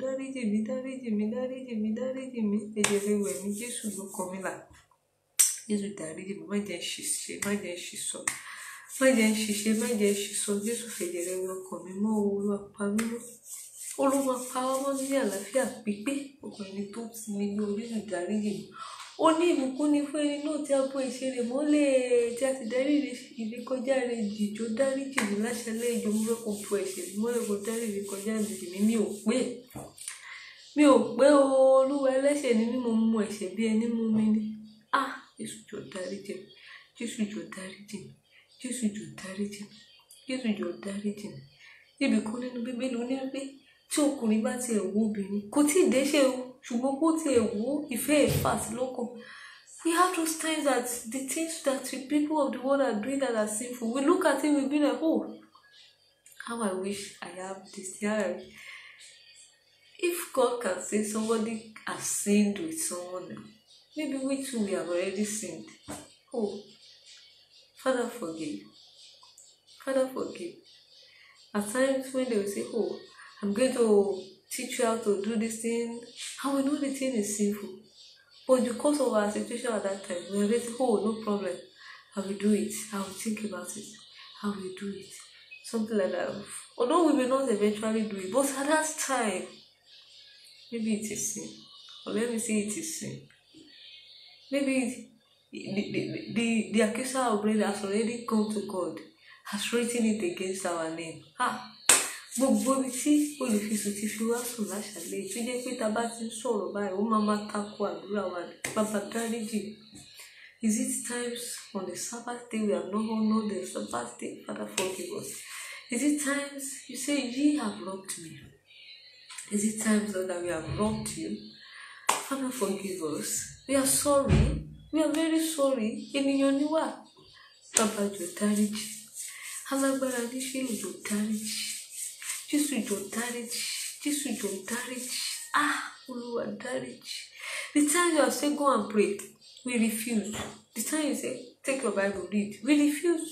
Dáríjì mi dáríjì mi dáríjì mi dáríjì mi ẹ̀jẹ̀ rẹ wẹ̀ mí Jésù ló kọ mí là. Jésù dáríjì mi má jẹ́ ṣìṣe má jẹ́ ṣìṣọ́ má jẹ́ ṣiṣẹ́ má jẹ́ ṣiṣọ jésù fèdèrè ọkàn mi mọ́ olúwa pa mí mọ́ olúwa pa ọmọ ní àlàáfíà pípé ọkọ ẹni tó ti ní ní orí ìdáríjì mi ó ní ìbùkún ní fún ẹni náà tí a bó ìṣeré mọ́lẹ̀ tí a ti darí ìrékọjá rẹ̀ jìjọ dáríjì mi láṣẹ lẹ́jọ́ mo fẹ́ kó bu ẹ̀ṣẹ̀ mọ́lẹ̀ kó darí ìrékọjá mi jì mí mi ò pé mi ò pé o olúwa ẹlẹ́ṣẹ̀ ni mí mo mu ẹ̀ṣẹ̀ bí ẹni mú mi ni ah jésù jọ dáríjì jésù jọ dáríjì mi jésù jọ dáríjì mi jésù jọ dáríjì mi ibì kan nínú bíbélì ó ní pé tí ọkùnrin bá tiẹ̀ wo obìnrin kò tí ì dẹ́ṣẹ̀ o ṣùgbọ́n kó tiẹ̀ wo ìfẹ́ ìfà sí lọ́kàn we have those times that the things that the people of the world are doing that are sinful we look at it we be like oh how I wish I have this yeah if God can say somebody has sinned with someone maybe we too we have already sinned oh Father, forgive. Father, forgive. At times when they will say, Oh, I'm going to teach you how to do this thing, how we know the thing is sinful. But because of our situation at that time, we are ready, Oh, no problem. I will do it. I will think about it. I will do it. Something like that. Although we may not eventually do it, but at that time, maybe it is sin. Or let me say it is sin. Maybe the, the, the, the accuser of blame has already come to God, has written it against our name. Ha! gbogbo ibi tí olùfisùn ti fi wá sùn láṣàlẹ̀ tó jẹ́ pé tá a bá ti ń sọ̀rọ̀ báyìí ó máa máa tako àdúrà wa bàbá dáríjì is it times on the sabbath day we have not no the sabbath day father forgive us is it times you say ye have robbed me is it times lord that we have robbed you father forgive us we are sorry we are very sorry ènìyàn níwà bàbá jọ̀ọ́ dáríjì alágbára níṣẹ́ ìjọ dáríjì jésù jọ̀ọ́ dáríjì jésù jọ̀ọ́ dáríjì ah olúwa dáríjì the time you say go and pray we refuse the time you say take your bible read we refuse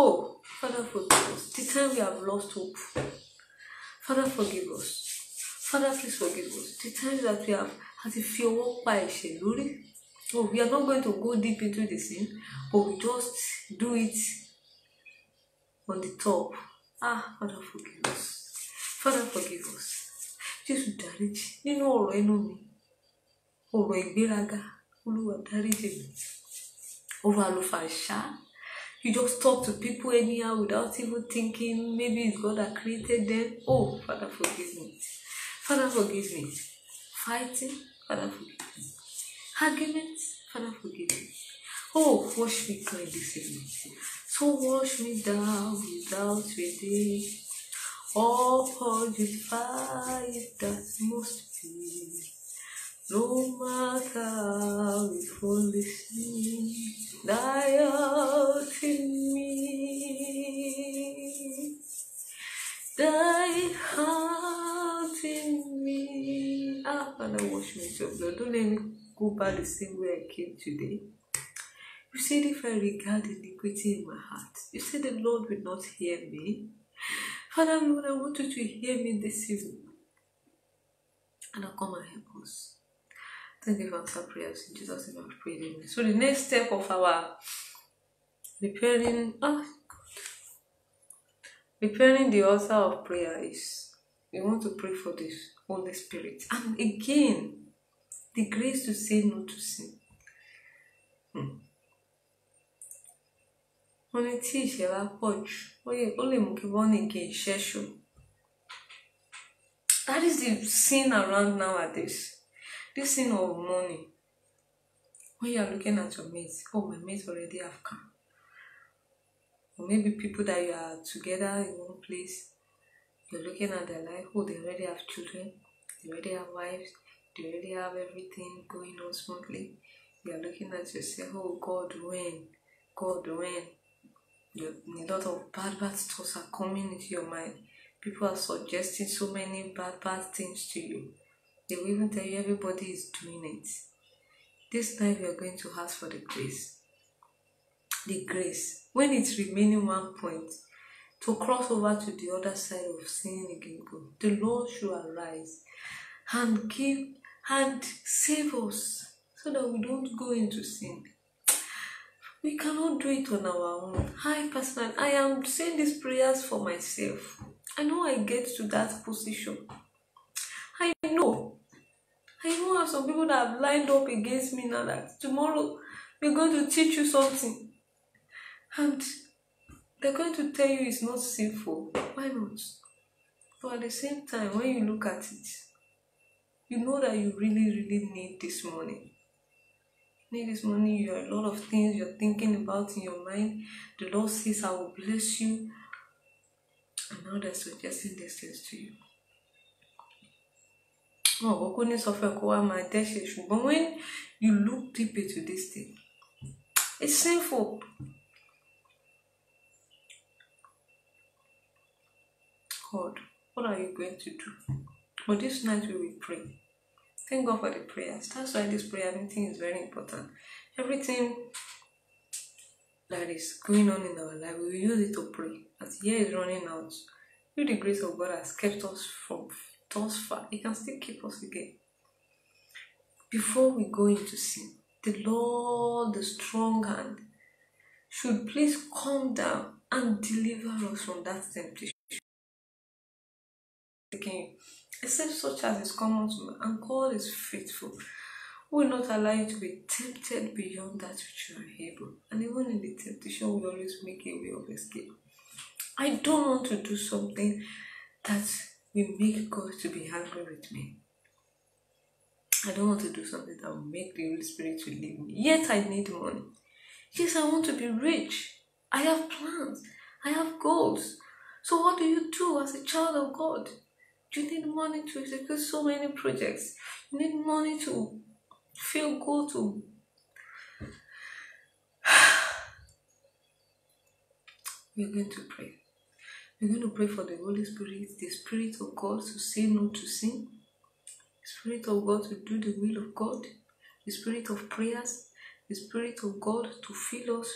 oh father forgive us the time we have lost hope father forgive us father please forgive us the time that we have had àti fi ọwọ́ pa ẹ̀ṣẹ̀ lórí. So oh, we are not going to go deep into the sin, but we just do it on the top. Ah, Father, forgive us. Father, forgive us. Jésù dáríjì nínú All I mi, ọ̀rọ̀ ìgbéraga, Over and over Overlufasha. You just talk to people anyhow without even thinking maybe it's God that created them. Oh, Father, forgive me. Father, forgive me. Fighting, Father, forgive me. Arguments, Father, forgive me. Oh, wash me clean this evening. So wash me down without redeem. All purified that must be. No matter how it only seems, thy out in me. Thy heart in me. Ah, Father, wash me so your blood. Don't let me go back the same way I came today? You said if I regard iniquity in my heart, you said the Lord will not hear me. Father Lord, I want you to hear me this evening. And I'll come and help us. Thank you for answer prayers in Jesus' name. I've prayed. So the next step of our repairing, ah, God. repairing the altar of prayer is we want to pray for this Holy Spirit. And again, Degrees to say no to sin. Hmm. wọ́n ní tí ìṣẹ́ bá pọ̀ jù ó lè mú kí bọ́nìkì ìṣẹ́ ṣò. That is the sin around nowadays. This sin of money. When you are looking at your mate, oh, my mate already have come. Or maybe people that you are together in one place, you're looking at their life, oh, they already have children, they already have wives, Do really have everything going on smoothly? You are looking at yourself, oh God, when? God, when? You're, a lot of bad, bad thoughts are coming into your mind. People are suggesting so many bad, bad things to you. They will even tell you everybody is doing it. This time you are going to ask for the grace. The grace. When it's remaining one point, to cross over to the other side of sin again. The Lord should arise and give and save us so that we don't go into sin. We cannot do it on our own. Hi, Pastor, I am saying these prayers for myself. I know I get to that position. I know. I know have some people that have lined up against me now that tomorrow we're going to teach you something. And they're going to tell you it's not sinful. Why not? But at the same time, when you look at it, you know that you really, really need this money. need this money, you have a lot of things you're thinking about in your mind. The Lord says, I will bless you. And now they're suggesting these things to you. Oh, kókó ní sọ fún ẹ kó wá máa when you look deep into this thing it's sinful. God, what are you going to do? But this night we will pray. Thank God for the prayers. That's why this prayer everything is very important. Everything that is going on in our life, we will use it to pray. As the year is running out, through the grace of God has kept us from thus far. He can still keep us again. Before we go into sin, the Lord, the strong hand, should please come down and deliver us from that temptation. Again, except such as is common to man, and God is faithful, will not allow you to be tempted beyond that which you are able. And even in the temptation, we always make a way of escape. I don't want to do something that will make God to be angry with me. I don't want to do something that will make the Holy Spirit to leave me. Yet I need money. Yes, I want to be rich. I have plans. I have goals. So what do you do as a child of God? You need money to execute so many projects. You need money to feel good to. You're going to pray. You're going to pray for the Holy Spirit, the Spirit of God to say no to sin, the Spirit of God to do the will of God, the Spirit of prayers, the Spirit of God to fill us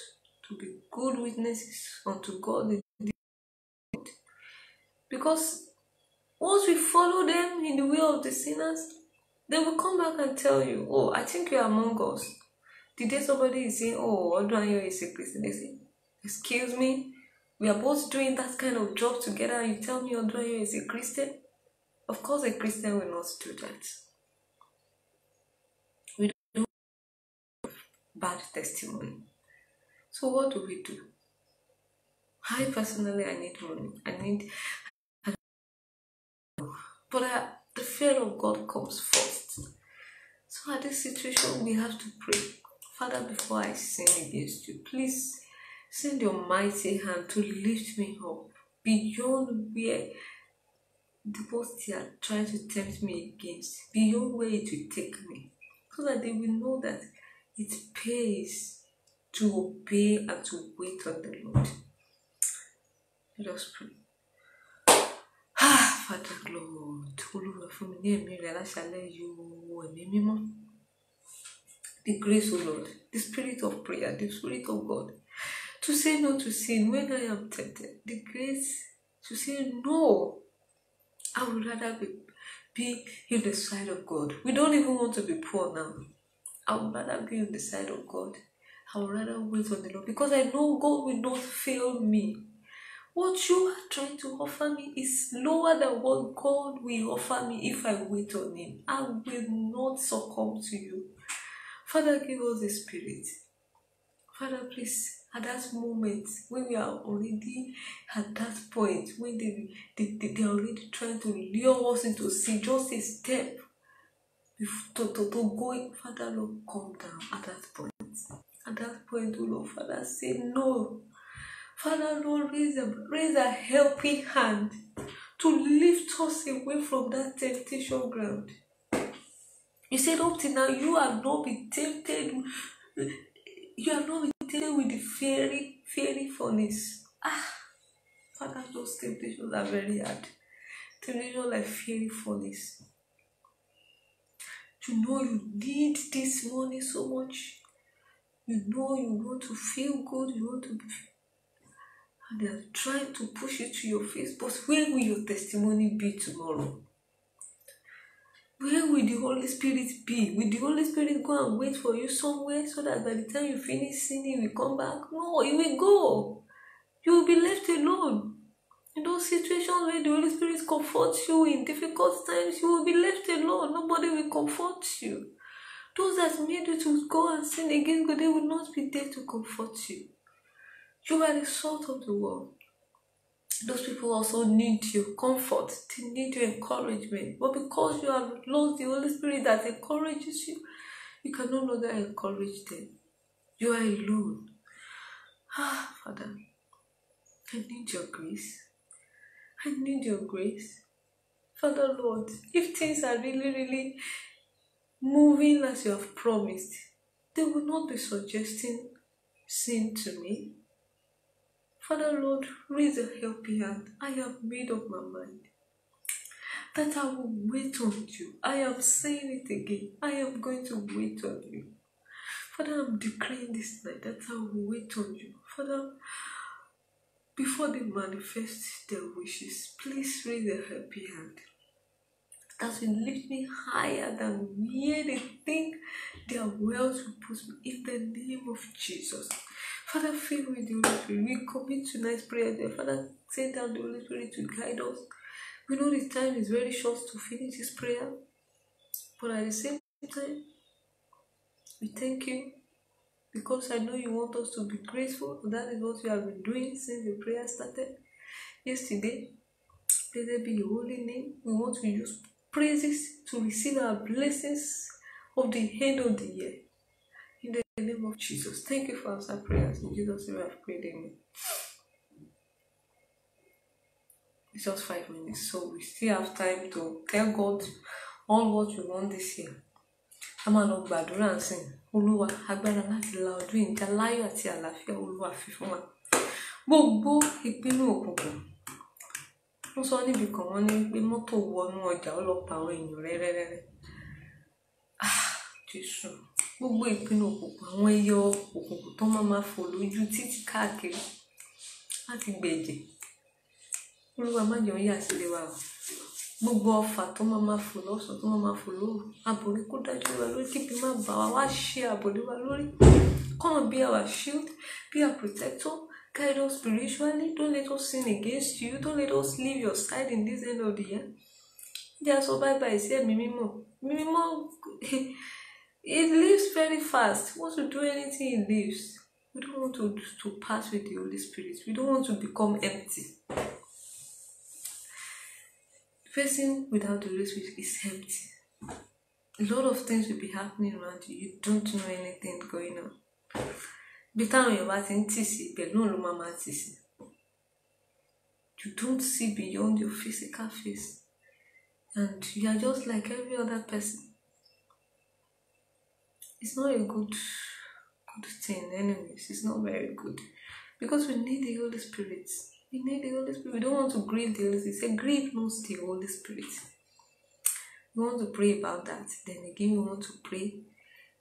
to be good witnesses unto God. Because once we follow them in the way of the sinners, they will come back and tell you, Oh, I think you're among us. The day somebody is saying, Oh, Odunayo is a Christian, they say, Excuse me, we are both doing that kind of job together, and you tell me Odunayo is a Christian? Of course, a Christian will not do that. We don't have bad testimony. So, what do we do? I personally, I need money. I need but uh, the fear of God comes first. So at this situation, we have to pray. Father, before I sin against you, please send your mighty hand to lift me up beyond where the worst they are trying to tempt me against, beyond where it will take me, so that they will know that it pays to obey and to wait on the Lord. Let us pray. father lord olúwa fún mi ní ẹ̀mí rẹ̀ aláṣálẹ̀ yóò ẹ̀mí mímọ́ the grace of lord the spirit of prayer the spirit of god to say no to sin when i am tempted the grace to say no i would rather be be in the side of god we don't even want to be poor now i would rather be on the side of god i would rather wait on the lord because i know god will not fail me. What you are trying to offer me is lower than what God will offer me if I wait on Him. I will not succumb to you. Father, give us the Spirit. Father, please at that moment when we are already at that point when they they, they, they are already trying to lure us into sin just a step to, to, to go. father lord come down at that point at that point oh lord father say no Father Lord, raise a, raise a helping hand to lift us away from that temptation ground. You said up till now you have not been tempted. You have not been tempted with the fairy fairy furnace. Ah, Father, those temptations are very hard. Temptations like fairy furnace. You know you need this money so much. You know you want to feel good. You want to be and they are trying to push you to your face. But where will your testimony be tomorrow? Where will the Holy Spirit be? Will the Holy Spirit go and wait for you somewhere so that by the time you finish singing, you come back? No, he will go. You will be left alone. In those situations where the Holy Spirit comforts you in difficult times, you will be left alone. Nobody will comfort you. Those that made you to go and sin against God, they will not be there to comfort you. You are the salt of the world. Those people also need your comfort, they need your encouragement. But because you have lost the Holy Spirit that encourages you, you can no longer encourage them. You are alone. Ah, Father, I need your grace. I need your grace. Father Lord, if things are really, really moving as you have promised, they will not be suggesting sin to me. Father Lord, raise a helping hand. I have made up my mind that I will wait on you. I am saying it again. I am going to wait on you. Father, I'm declaring this night that I will wait on you. Father, before they manifest their wishes, please raise a helping hand that will lift me higher than where they think their wells will put me in the name of Jesus. Father, fill with the Holy Spirit. We commit tonight's prayer there. Father, send down the Holy Spirit to guide us. We know this time is very short to finish this prayer, but at the same time, we thank you because I know you want us to be grateful. that is what we have been doing since the prayer started yesterday. Blessed be your holy name. We want to use praises to receive our blessings of the end of the year. In the name of Jesus. Thank you for our prayers. In Jesus' name, I've prayed. Amen. It's just five minutes, so we still have time to tell God all what we want this year. A máa lọ gbàdúrà sìn Olúwa agbára láti la ọdún ìjà láyọ̀ àti àlàáfíà Olúwa fi wa. Gbogbo ìpinnu òkùnkùn wọ́n sọ níbi kan wọ́n ní pé mọ́tò wọnú ọjà ó lọ pa àwọn èèyàn rẹ́rẹ́rẹ́rẹ́ ah, jésù gbogbo ìpinnu òkùnkùn àwọn ẹyọ òkùnkùn tó máa máa fò lójú títí káàkiri láti gbẹ̀jẹ̀ olúwa má jẹun yà sílé wa o gbogbo ọfà tó máa máa fò lọ́sàn tó máa máa fò lóru àbòrí kó dájú wa lórí kíbi má bà wá wá ṣe àbòrí wa lórí come be our shield be our protector guide us spiritually. Don't let us sin against you. Don't let us leave your side in this end of the year. They are so bye bye. Mimimo. Mimimo, it leaves very fast. Once you do anything, it leaves. We don't want to, to pass with the Holy Spirit. We don't want to become empty. Facing without the Holy Spirit is empty. A lot of things will be happening around you. You don't know anything going on ibi bá ló you don't see beyond your physical face and you are just like every other person it's not a good good thing anyways it's not very good because we need the Holy Spirit we need the Holy Spirit we don't want to grieve the Holy Spirit say grieve not the Holy Spirit we want to pray about that then again we want to pray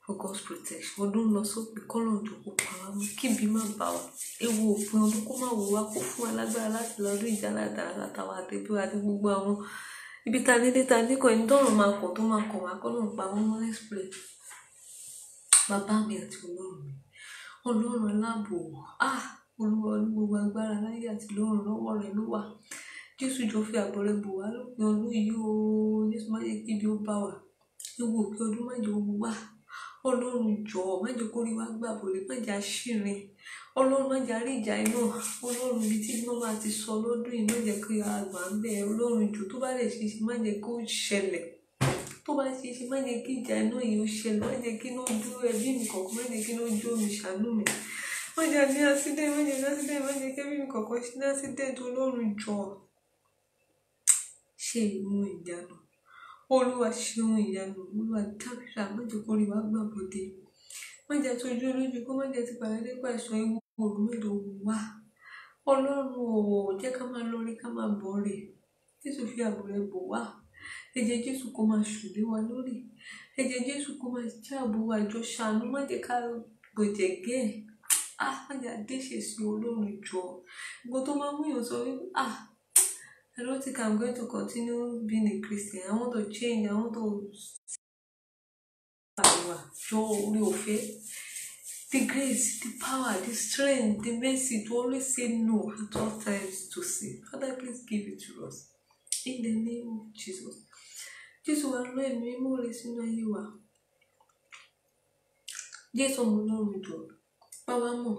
for God's protection ọdún lọ sópin kọ́lọ̀ jù kó pa wá mọ́ kíbi má bà wá ewu òpin ọdún kó má wò wá kó fún alágbára láti lọ ọdún ìjà ládàá látàwọn àtẹ̀bí àti gbogbo àwọn ibi ta ní dé ta ní kọ ẹni tọrọ máa kọ tó máa kọ wá kọ́lọ̀ pa wọ́n mọ́ explain bàbá mi àti ọlọ́run mi ọlọ́run aláàbò ah olúwa ní gbogbo agbára láyé àti lọ́run lọ́wọ́ rẹ ló wà jésù jọ fi àbọ̀ rẹ bò wá lópin ọdún yìí o jésù má jẹ́ kíbi ó bá wà ewu òkè ọdún má jẹ́ owó wà ọlọ́run jọ̀ọ́ má jẹ́ kórí wá gbà bòlè má jẹ́ àṣìrìn ọlọ́run má jẹ́ àríjà iná ọlọ́run ibi tí iná máa ti sọ lọ́dún yìí má jẹ́ kí àgbà ń bẹ̀ ọlọ́run jọ̀ọ́ tó bá lè ṣe ṣe má jẹ́ kó ṣẹlẹ̀ tó bá ṣe ṣe má jẹ́ kí ìjà iná yìí ó ṣẹlẹ̀ má jẹ́ kí iná dúró ẹbí mi kọ̀ọ̀kan má jẹ́ kí iná jó mi ṣàánú mi má ní accident má ní accident má jẹ́ Olúwa ṣeun ìyanu, Olúwa dábìrà, má jẹ́ kó rí wa gbàbọ̀dé. Má jẹ́ tójú olójú kó má jẹ́ ti pàdánù nípa ẹ̀ṣọ́ ewu olùmọ̀lò wá. Ọlọ́run ò jẹ́ ká máa lọrí ká máa bọ̀ rẹ̀. Jésù fi ààbò rẹ̀ bò wá. Ẹ̀jẹ̀ Jésù kó máa ṣùlé wa lórí. Ẹ̀jẹ̀ Jésù kó máa jẹ́ ààbò wa jọ ṣàánú. Má jẹ́ ká gbòjẹ̀ gẹ́ ẹ̀. Ah, má àdéṣe sí Ọlọ́run jọ. Gbogbo tó máa mú èèyàn wípé ah, I don't think I'm going to continue being a Christian. I want to change. I want to. The grace, the power, the strength, the mercy to always say no at all times to sin. Father, please give it to us. In the name of Jesus. Jésù wa lọ ẹ̀mí mímọ́ rẹ̀ sínú ayé wa. Jésù ọmọ Ọlọ́run jọ pa wá mọ̀.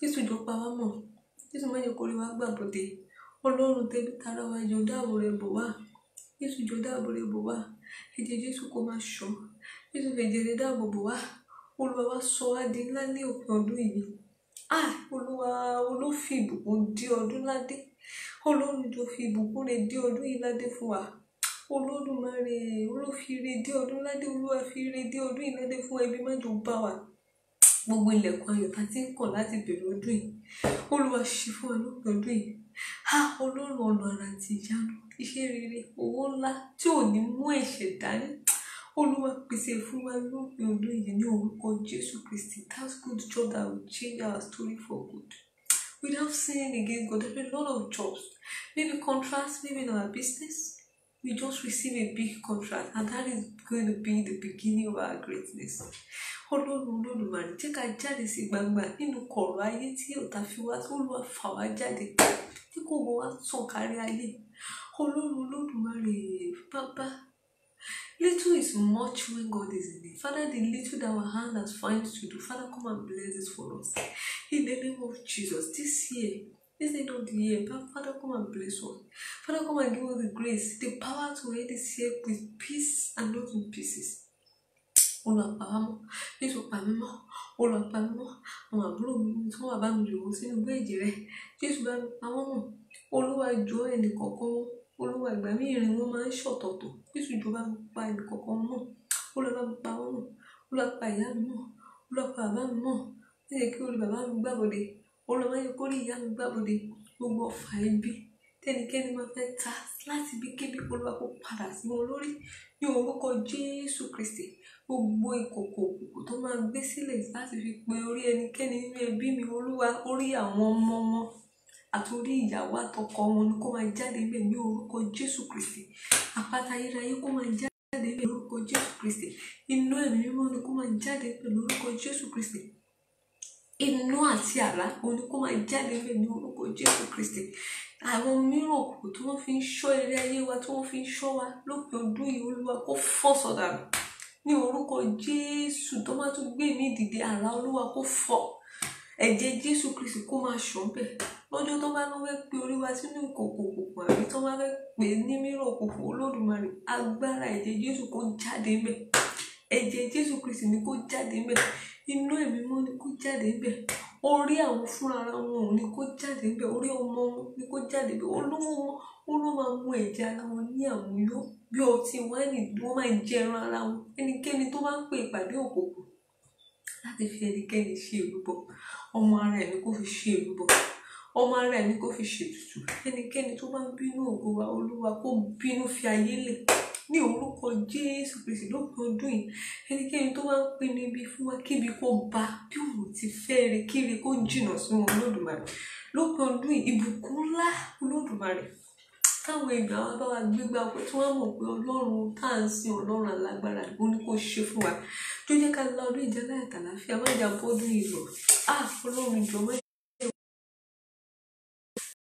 Jésù power more. Jesus, mọ̀. Jésù má jẹ́ kó rí wa gbàgbọ́dé. Ọlọ́run tèmi tara wa jọ dáàbò rẹ̀ bò wá. Jésù jọ dáàbò rẹ̀ bò wá. Ẹ̀jẹ̀ Jésù kó máa ṣọ́. Jésù fẹ̀jẹ̀ rẹ̀ dáàbò bò wá. Olúwa wa sọ wá di ńlá ní òpin ọdún yìí. Ah! Olúwa olófì ìbùkún di ọdún ládé. Ọlọ́run jọ fi ìbùkún rẹ̀ di ọdún yìí ládé fún wa. Olódùmarè olófìrè dé ọdún ládé olúwa fìrè dé ọdún yìí ládé fún ẹbí mẹ́jọ bá wa gbogbo ilẹ̀kùn ayọ̀ tá a ti ń kọ̀ láti bẹ̀rẹ̀ ọdún yìí olúwa ṣe fún wa lópin ọdún yìí ha ọlọ́run ọ̀nà àrà àti ìyanu iṣẹ́ rere owó ńlá tí ò ní mú ẹ̀ṣẹ̀ dání olúwa pèsè fún wa lópin ọdún yìí ní orúkọ jésù kristi that good job that will change our story for good without sinning against god there are a lot of jobs maybe contracts maybe in our business we just receive a big contract and that is going to be the beginning of our greatness. Ọlọ́run Olódùmarè jẹ́ ká jáde sí gbangba nínú kọ̀rọ̀ ayé tí ọ̀tá fi wá tó lọ́ọ́ fà wá jáde tí kò mọ wá tàn kárí ayé. Ọlọ́run Olódùmarè bàbá. Little is much when God is in it. Father, the little that our hand has found to do, Father, come and bless it for us. In the name of Jesus, this year, this end not the year, Father, come and bless us. Father, come and give us the grace, the power to end this year with peace and not in pieces. olùpàmọ́ nítorí pàmímọ́ olùpàmímọ́ àwọn àbúrò mi tí wọ́n bá mi lò ó sínú ìwé ìjì rẹ̀ jésù bá mi pamọ́ mọ́ olúwa jọ ẹnì kọ̀ọ̀kan wọn olúwa ìgbà mí ìrìn wọn máa ń ṣọ̀tọ̀tọ̀ jésù jọ bá mi pa ẹnì kọ̀ọ̀kan wọn mọ́ olúwa bá mi pa wọn mọ́ olúwa pa ìyá mi mọ́ olúwa pa bàbá mi mọ́ ó yẹ kí olú bàbá mi gbàbọ̀dé olùwáyé kórè ìyá mi gbàbọdè gbogbo ọfà ibi tẹnikẹ́ni máa fẹ́ ká láti ibi kébi olúwa kó padà sí wọn lórí ní orúkọ jésù kristi gbogbo ìkòkò òkùnkùn tó máa gbé sílẹ̀ láti fi pe orí ẹnikẹ́ni nínú ẹbí mi olúwa orí àwọn ọmọ wọn àti orí ìyàwó àtọkọ wọn ni kó máa jáde bẹ́ẹ̀ ní orúkọ jésù kristi àpáta ayérayé kó máa jáde bẹ́ẹ̀ lórúkọ jésù kristi iná ẹ̀mí mímọ́ ni kó máa jáde bẹ́ẹ̀ lórúkọ jésù kristi inú àti àlá òní kó máa jáde lé ní orúkọ Jésù Kristi àwọn míràkù tí wọ́n fi ń ṣọ́ eré ayé wa tí wọ́n fi ń ṣọ́ wa lópin ọdún yìí olúwa kó fọ́ sọ̀dànù ní orúkọ Jésù tó máa tún gbé mi dìde àlá olúwa kó fọ́ ẹ̀jẹ̀ Jésù Kristi kó máa ṣàn bẹ́ẹ̀ lọ́jọ́ tó bá lọ́wọ́ pé orí wa sínú ìkòkò òkùnkùn àbí tó bá fẹ́ pè é ní míràkù Olódùmarè agbára ẹ̀jẹ̀ Jésù kó jáde mẹ́ ẹ̀jẹ̀ Jésù Kristi ni kó jáde mẹ́ inú ẹ̀mí mọ́ ni kó jáde níbẹ̀ orí àwọn fúnra wọn ò ní kó jáde níbẹ̀ orí ọmọ wọn ni kó jáde níbẹ̀ olówó wọn ó ló máa mú ẹ̀jẹ̀ ara wọn ní àmúyó bí ọtí wáìnì wọn máa jẹran ara wọn ẹnikẹ́ni tó bá ń pè ìpàdé òkòkò láti fi ẹnikẹ́ni ṣe ìrúbọ ọmọ ara ẹ̀mí kó fi ṣe ìrúbọ ọmọ ara ẹ̀mí kó fi ṣètùtù ẹnikẹ́ni tó bá ń bínú ògo wa olúwa kó bínú fi ayé lè ní orúkọ jésù kristi lópin ọdún yìí ẹnikẹ́ni tó wá ń pè níbi fún wa kíbi kó ba bí òun ti fẹ́ rẹ kíri kó jìnnà sí wọn olódùmarè lópin ọdún yìí ìbùkún ńlá olódùmarè táwọn èèyàn wa bá wa gbégbá ọpẹ́ tí wọn mọ̀ pé Ọlọ́run tá à ń sin Ọlọ́run alágbára ló ní kó ṣe fún wa tó jẹ́ ká lọ ọdún ìjẹlá àtàlàfíà má jà bọdún ìlọ ah Ọlọ́run ìjọba.